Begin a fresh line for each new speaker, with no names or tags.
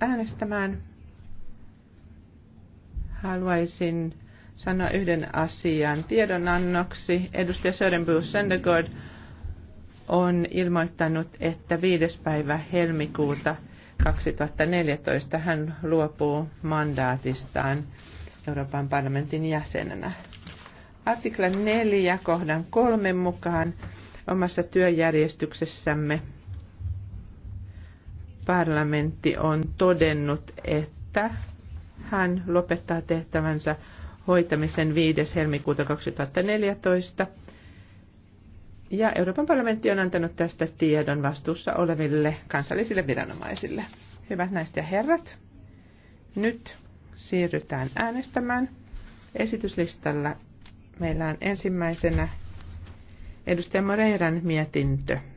äänestämään.
Haluaisin sanoa yhden asian tiedonannoksi. Edustaja Sörenbuu Sendegård on ilmoittanut, että 5. päivä helmikuuta 2014 hän luopuu mandaatistaan Euroopan parlamentin jäsenenä. Artiklan 4 kohdan 3 mukaan omassa työjärjestyksessämme parlamentti on todennut, että hän lopettaa tehtävänsä hoitamisen 5. helmikuuta 2014. Ja Euroopan parlamentti on antanut tästä tiedon vastuussa oleville kansallisille viranomaisille. Hyvät naiset ja herrat, nyt siirrytään äänestämään. Esityslistalla meillä on ensimmäisenä edustaja Moreiran
mietintö